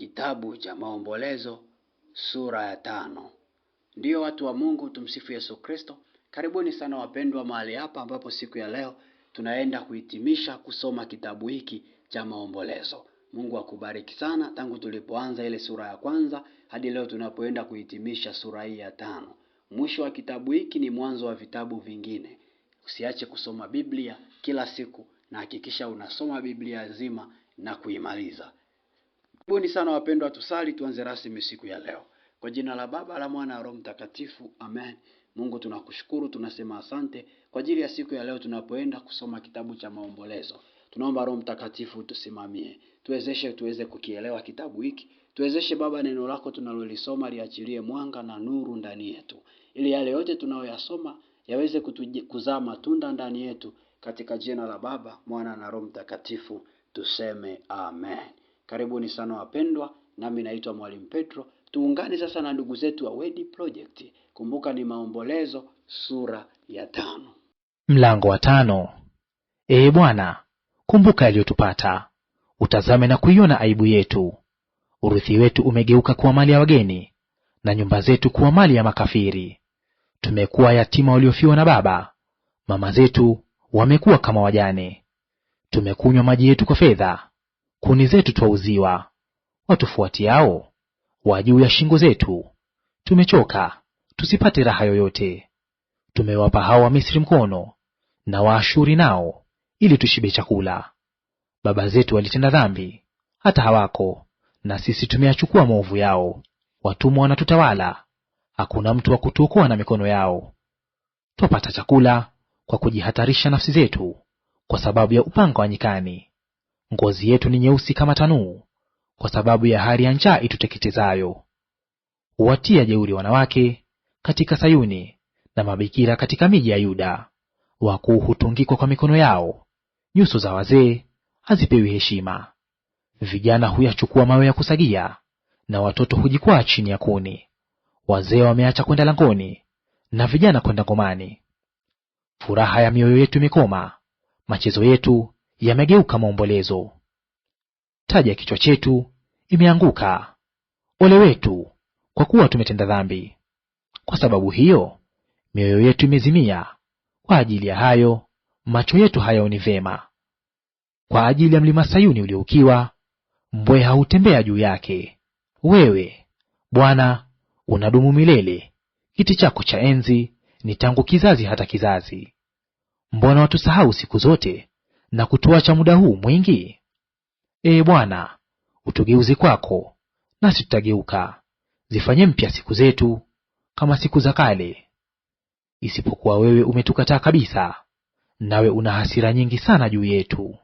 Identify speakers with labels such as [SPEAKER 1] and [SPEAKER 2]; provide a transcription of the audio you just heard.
[SPEAKER 1] Kitabu cha Maombolezo sura ya tano. Ndiyo watu wa Mungu, tumsifu Yesu Kristo. Karibuni sana wapendwa mahali hapa ambapo siku ya leo tunaenda kuhitimisha kusoma kitabu hiki cha Maombolezo. Mungu akubariki sana tangu tulipoanza ile sura ya kwanza hadi leo tunapoenda kuhitimisha sura hii ya tano. Mwisho wa kitabu hiki ni mwanzo wa vitabu vingine. Usiache kusoma Biblia kila siku na hakikisha unasoma Biblia nzima na kuimaliza. Karibuni sana wapendwa, tusali tuanze rasmi siku ya leo. Kwa jina la Baba la Mwana na Roho Mtakatifu, amen. Mungu tunakushukuru, tunasema asante kwa ajili ya siku ya leo tunapoenda kusoma kitabu cha maombolezo. Tunaomba Roho Mtakatifu tusimamie, tuwezeshe tuweze kukielewa kitabu hiki, tuwezeshe Baba neno lako tunalolisoma liachilie mwanga na nuru ndani yetu, ili yale yote tunayoyasoma yaweze kuzaa matunda ndani yetu, katika jina la Baba, Mwana na Roho Mtakatifu tuseme amen. Karibuni sana wapendwa, nami naitwa Mwalimu Petro. Tuungane sasa na ndugu zetu wa Wedi Project. Kumbuka ni Maombolezo sura ya tano mlango wa tano. Ee Bwana, kumbuka yaliyotupata, utazame na kuiona aibu yetu. Urithi wetu umegeuka kuwa mali ya wageni, na nyumba zetu kuwa mali ya makafiri. Tumekuwa yatima waliofiwa na baba, mama zetu wamekuwa kama wajane. Tumekunywa maji yetu kwa fedha, Kuni zetu twauziwa, watufuatiao wa juu ya shingo zetu. Tumechoka, tusipate raha yoyote. Tumewapa hao misri mkono na Waashuri nao, ili tushibe chakula. Baba zetu walitenda dhambi, hata hawako; na sisi tumeyachukua maovu yao. Watumwa wanatutawala, hakuna mtu wa kutuokoa na mikono yao. Twapata chakula kwa kujihatarisha nafsi zetu, kwa sababu ya upanga wa nyikani. Ngozi yetu ni nyeusi kama tanuu, kwa sababu ya hari ya njaa ituteketezayo. Huwatia jeuri wanawake katika Sayuni, na mabikira katika miji ya Yuda. Wakuu hutungikwa kwa mikono yao, nyuso za wazee hazipewi heshima. Vijana huyachukua mawe ya kusagia, na watoto hujikwaa chini ya kuni. Wazee wameacha kwenda langoni, na vijana kwenda ngomani. Furaha ya mioyo yetu imekoma, machezo yetu yamegeuka maombolezo. Taji ya kichwa chetu imeanguka, ole wetu, kwa kuwa tumetenda dhambi. Kwa sababu hiyo mioyo yetu imezimia, kwa ajili ya hayo macho yetu hayaoni vema. Kwa ajili ya mlima Sayuni ulioukiwa, mbweha hutembea juu yake. Wewe Bwana unadumu milele, kiti chako cha enzi ni tangu kizazi hata kizazi. Mbona watusahau siku zote na kutuacha muda huu mwingi? Ee Bwana, utugeuze kwako, nasi tutageuka; zifanye mpya siku zetu kama siku za kale. Isipokuwa wewe umetukataa kabisa, nawe una hasira nyingi sana juu yetu.